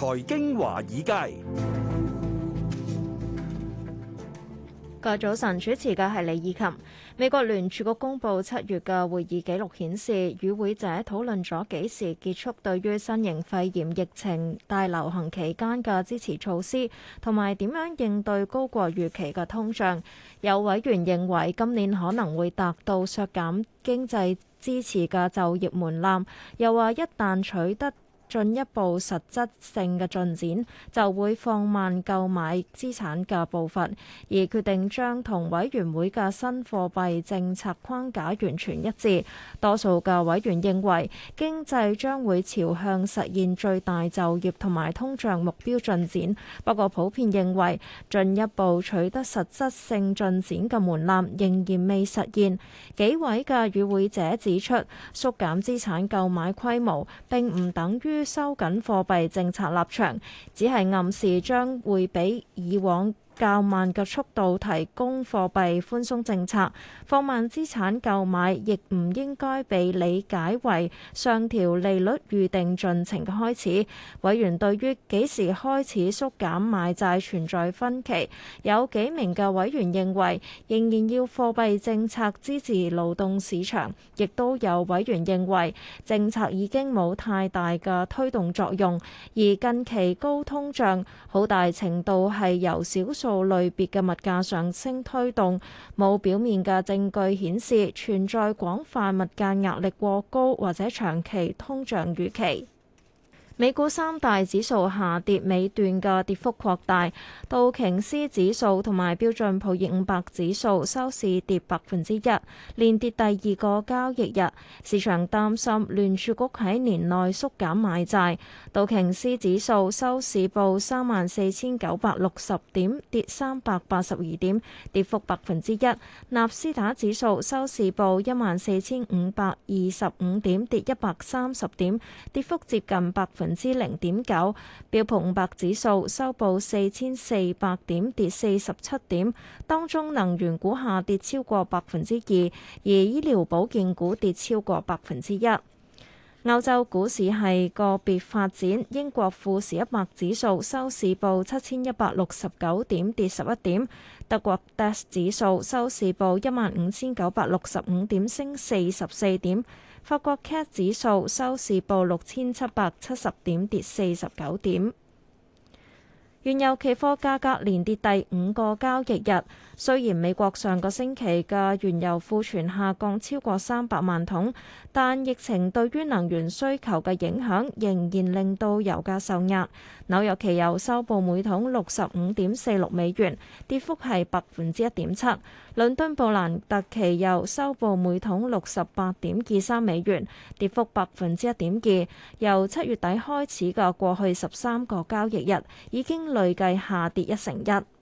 財經華爾街。個早晨主持嘅係李以琴。美國聯儲局公布七月嘅會議紀錄顯示，與會者討論咗幾時結束對於新型肺炎疫情大流行期間嘅支持措施，同埋點樣應對高過預期嘅通脹。有委員認為今年可能會達到削減經濟支持嘅就業門檻，又話一旦取得，進一步實質性嘅進展，就會放慢購買資產嘅步伐，而決定將同委員會嘅新貨幣政策框架完全一致。多數嘅委員認為經濟將會朝向實現最大就業同埋通脹目標進展。不過普遍認為進一步取得實質性進展嘅門檻仍然未實現。幾位嘅與會者指出，縮減資產購買規模並唔等於。收緊貨幣政策立場，只係暗示將會比以往較慢嘅速度提供貨幣寬鬆政策，放慢資產購買亦唔應該被理解為上調利率預定進程嘅開始。委員對於幾時開始縮減買債存在分歧，有幾名嘅委員認為仍然要貨幣政策支持勞動市場，亦都有委員認為政策已經冇太大嘅推動作用。而近期高通脹好大程度係由少數到類別嘅物價上升推動，冇表面嘅證據顯示存在廣泛物價壓力過高或者長期通脹預期。美股三大指數下跌，尾段嘅跌幅擴大。道瓊斯指數同埋標準普爾五百指數收市跌百分之一，連跌第二個交易日。市場擔心聯儲局喺年內縮減買債。道瓊斯指數收市報三萬四千九百六十點，跌三百八十二點，跌幅百分之一。納斯達指數收市報一萬四千五百二十五點，跌一百三十點，跌幅接近百分之之零點九，標普五百指數收報四千四百點，跌四十七點。當中能源股下跌超過百分之二，而醫療保健股跌超過百分之一。歐洲股市係個別發展，英國富時一百指數收市報七千一百六十九點，跌十一點。德國 DAX 指數收市報一萬五千九百六十五點，升四十四點。法國 CAC 指數收市報六千七百七十點，跌四十九點。原油期貨價格連跌第五個交易日。雖然美國上個星期嘅原油庫存下降超過三百萬桶，但疫情對於能源需求嘅影響仍然令到油價受壓。紐約期油收報每桶六十五點四六美元，跌幅係百分之一點七。倫敦布蘭特期油收報每桶六十八點二三美元，跌幅百分之一點二。由七月底開始嘅過去十三個交易日，已經累計下跌一成一。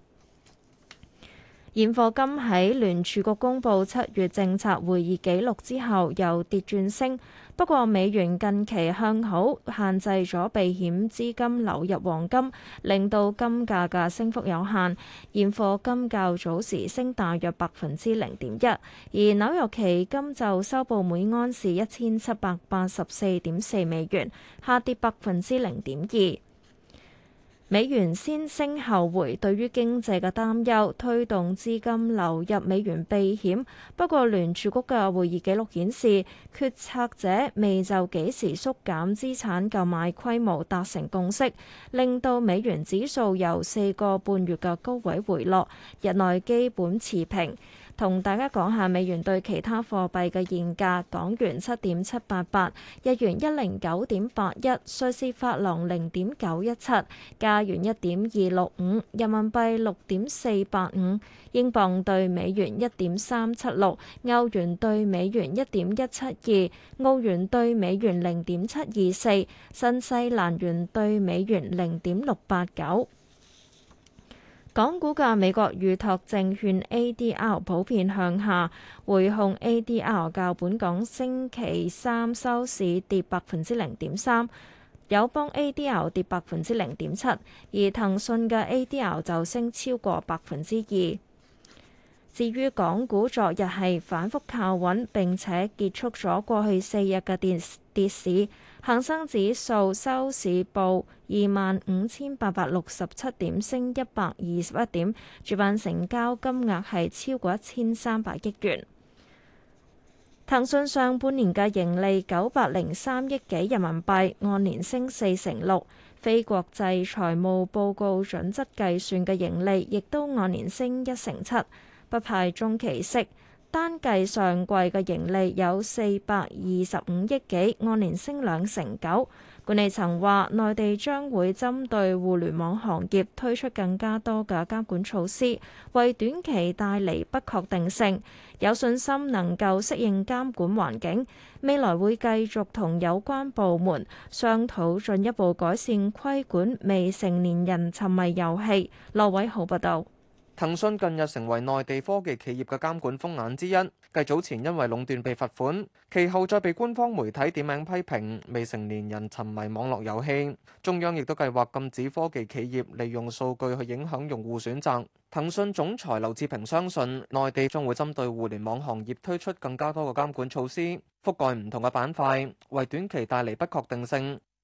現貨金喺聯儲局公布七月政策會議紀錄之後，又跌轉升。不過美元近期向好，限制咗避險資金流入黃金，令到金價嘅升幅有限。現貨金較早時升大約百分之零點一，而紐約期金就收報每安士一千七百八十四點四美元，下跌百分之零點二。美元先升後回對於，對於經濟嘅擔憂推動資金流入美元避險。不過聯儲局嘅會議記錄顯示，決策者未就幾時縮減資產購買規模達成共識，令到美元指數由四個半月嘅高位回落，日內基本持平。同大家講下美元對其他貨幣嘅現價：港元七點七八八，日元一零九點八一，瑞士法郎零點九一七，加元一點二六五，人民幣六點四八五，英鎊對美元一點三七六，歐元對美元一點一七二，澳元對美元零點七二四，新西蘭元對美元零點六八九。港股嘅美國預託證券 ADR 普遍向下，匯控 ADR 較本港星期三收市跌百分之零點三，友邦 ADR 跌百分之零點七，而騰訊嘅 ADR 就升超過百分之二。至於港股，昨日係反覆靠穩，並且結束咗過去四日嘅跌跌市。恒生指數收市報二萬五千八百六十七點，升一百二十一點。主板成交金額係超過一千三百億元。騰訊上半年嘅盈利九百零三億幾人民幣，按年升四成六。非國際財務報告準則計算嘅盈利，亦都按年升一成七。不派中期息，單計上季嘅盈利有四百二十五億幾，按年升兩成九。管理層話，內地將會針對互聯網行業推出更加多嘅監管措施，為短期帶嚟不確定性。有信心能夠適應監管環境，未來會繼續同有關部門商討進一步改善規管未成年人沉迷遊戲，羅偉豪報道。騰訊近日成為內地科技企業嘅監管風眼之一，繼早前因為壟斷被罰款，其後再被官方媒體點名批評未成年人沉迷網絡遊戲。中央亦都計劃禁止科技企業利用數據去影響用戶選擇。騰訊總裁劉志平相信，內地將會針對互聯網行業推出更加多嘅監管措施，覆蓋唔同嘅板塊，為短期帶嚟不確定性。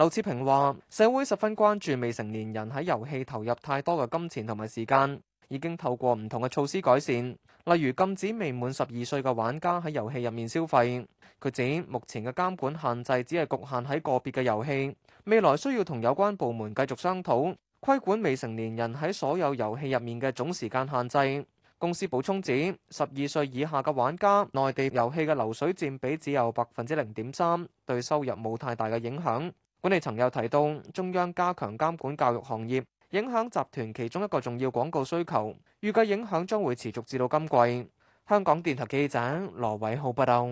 劉熾平話，社會十分關注未成年人喺遊戲投入太多嘅金錢同埋時間，已經透過唔同嘅措施改善，例如禁止未滿十二歲嘅玩家喺遊戲入面消費。佢指目前嘅監管限制只係局限喺個別嘅遊戲，未來需要同有關部門繼續商討，規管未成年人喺所有遊戲入面嘅總時間限制。公司補充指，十二歲以下嘅玩家內地遊戲嘅流水佔比只有百分之零點三，對收入冇太大嘅影響。管理層又提到，中央加強監管教育行業，影響集團其中一個重要廣告需求，預計影響將會持續至到今季。香港電台記者羅偉浩報道。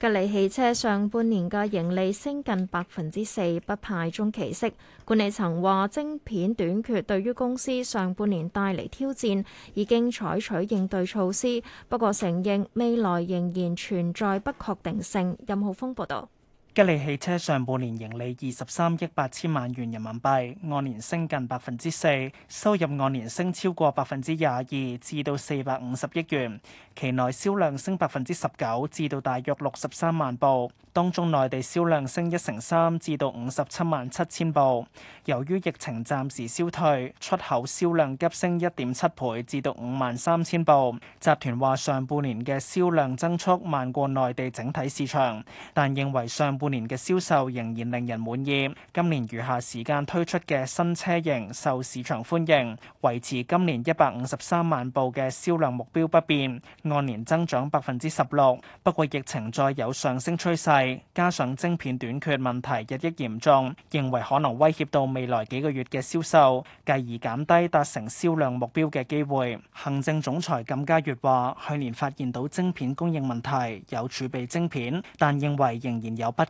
吉利汽車上半年嘅盈利升近百分之四，不派中期息。管理層話晶片短缺對於公司上半年帶嚟挑戰，已經採取應對措施，不過承認未來仍然存在不確定性。任浩峰報道。吉利汽車上半年盈利二十三億八千萬元人民幣，按年升近百分之四，收入按年升超過百分之廿二，至到四百五十億元。期內銷量升百分之十九，至到大約六十三萬部，當中內地銷量升一成三，至到五十七萬七千部。由於疫情暫時消退，出口銷量急升一點七倍，至到五萬三千部。集團話上半年嘅銷量增速慢過內地整體市場，但認為上。半年嘅銷售仍然令人滿意，今年餘下時間推出嘅新車型受市場歡迎，維持今年一百五十三萬部嘅銷量目標不變，按年增長百分之十六。不過疫情再有上升趨勢，加上晶片短缺問題日益嚴重，認為可能威脅到未來幾個月嘅銷售，繼而減低達成銷量目標嘅機會。行政總裁甘家月話：去年發現到晶片供應問題，有儲備晶片，但認為仍然有不。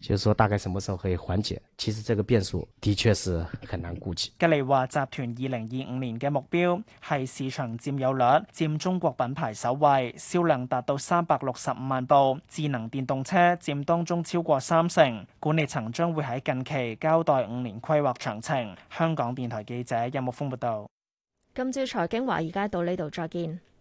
就是說大概什麼時候可以緩解？其實這個變數的確是很難估計。吉利話集團二零二五年嘅目標係市場占有率占中國品牌首位，銷量達到三百六十五萬部，智能電動車占當中超過三成。管理層將會喺近期交代五年規劃詳情。香港電台記者任木峰報道。今朝財經華爾街到呢度再見。